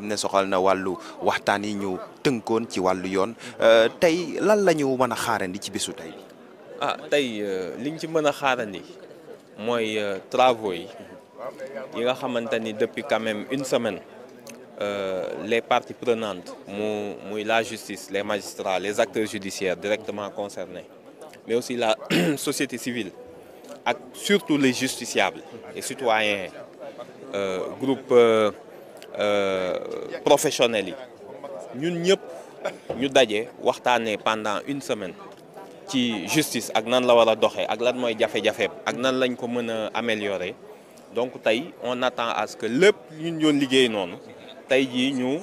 Nous avons soxal na walu waxtani ñu tënkoon ci walu yoon euh, tay lan lañu mëna xaarandi ci bisu tay bi ah tay euh, liñ ci mëna xaarandi moy euh, travaux yi yi nga depuis quand même une semaine les parties prenantes mu la justice les magistrats les acteurs judiciaires directement concernés mais aussi la société civile ak surtout les justiciables les citoyens groupe euh, professionnels yi ñun ñëpp ñu daje waxtaanee pendant une semaine ci justice ak nan la war doxé ak lan moy jafé jafé ak nan lañ ko mëna améliorer donc tay on attend à ce que lepp ñun doon liggéey noonu tay ji ñu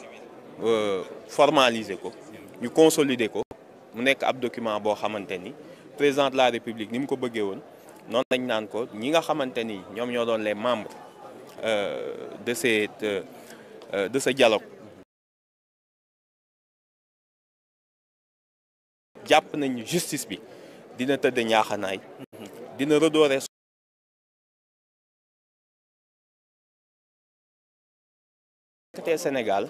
euh, formaliser ko ñu consolider ko mu nek ab document bo xamanteni ni président de la république nim ko bëggé won non lañ naan ko ñi nga xamanteni ni ñoo doon les membres euh, de cette Euh, de ce dialogue. jàpp nañu justice bi dina tëdd ñaaxanaay dina redorer te Sénégal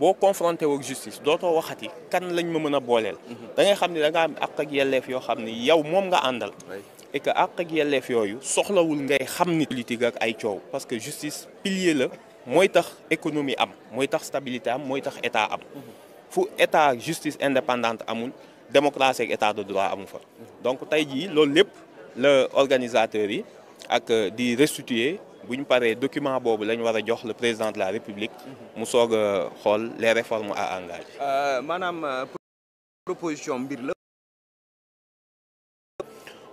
boo confronté wak justice waxat waxati kan lañ ma mën a booleel mhm. da xam ne da nga am àq ak yelleef yoo xam ne yow moom nga àndal et que àq ak yelleef yooyu soxlawul ngay xam ni politique ak ay coow parce que justice pilier la moy tax économie am moy tax stabilité am moy tax état am fu état justice indépendante amul démocratie ak état de droit amul fa donc tey jii loolu lépp le organisateurs yi ak euh, di restituer buñ paré document bobu lañ wara jox le président de la république mu soog xol les réformes à engager euh, manam euh, proposition mbir la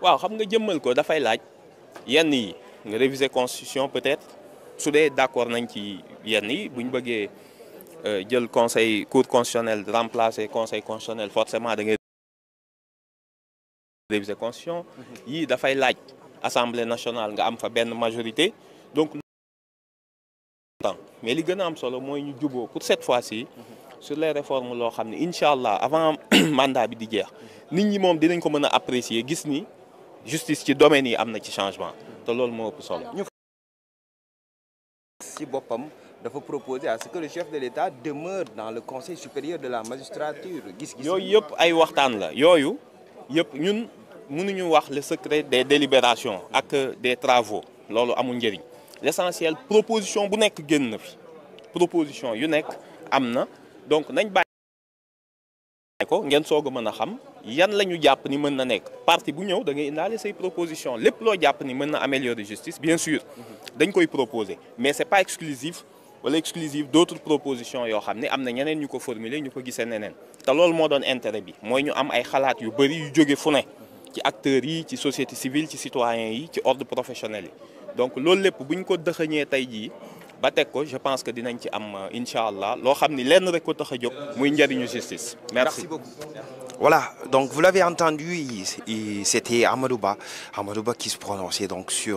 waaw xam nga jëmmal ko fay laaj yenn yi nga réviser constitution peut-être su dee d'accord nañ ci yenn yi buñ ñu bëggee euh, jël conseil cour constitutionnel remplacer conseil constitutionnel forcément da ngay réviser constitution mhm. yii dafay laaj assemblée nationale nga am fa benn majorité donc mais li gën a am solo mooy ñu juboo pour cette fois-ci mhm. sur les réformes loo xam ne incha allah avant mandat bi di jeex mhm. nit ñi moom dinañ ko mën a apprécier gis ni justice ci domaine yi am na ci changement te loolu moo ëpp solo si Bopam dafa proposer à ce que le chef de l'État demeure dans le conseil supérieur de la magistrature gis ay waxtan la yooyu yëpp ñun mënuñu wax le secret des délibérations ak des travaux Lolu amul l'essentiel proposition bu nekk genn na fi proposition yu nekk amna. donc nañ bàyyi ko ngeen soog mëna xam yan lañu japp ni mën na parti bu ñew da ngay indaale say proposition lepp lo japp ni mën na améliorer justice bien sûr dañ koy proposer mais c'est pas exclusif wala exclusif d'autres propositions yo xam amna ñeneen ñuko formuler ñuko gissé gisee neneen te loolu moo doon intérêt bi moy ñu am ay xalaat yu bari yu joggé fune ci acteurs yi ci société civile ci citoyens yi ci ordre professionnel donc lool lepp buñ ko dexeñé tay ji Bateko, je pense que dinañ ci am euh, inshallah lo xamni lenn rek ko muy justice. merci voilà donc vous l'avez entendu c'était Amadouba, Amadouba qui se prononçait donc sur.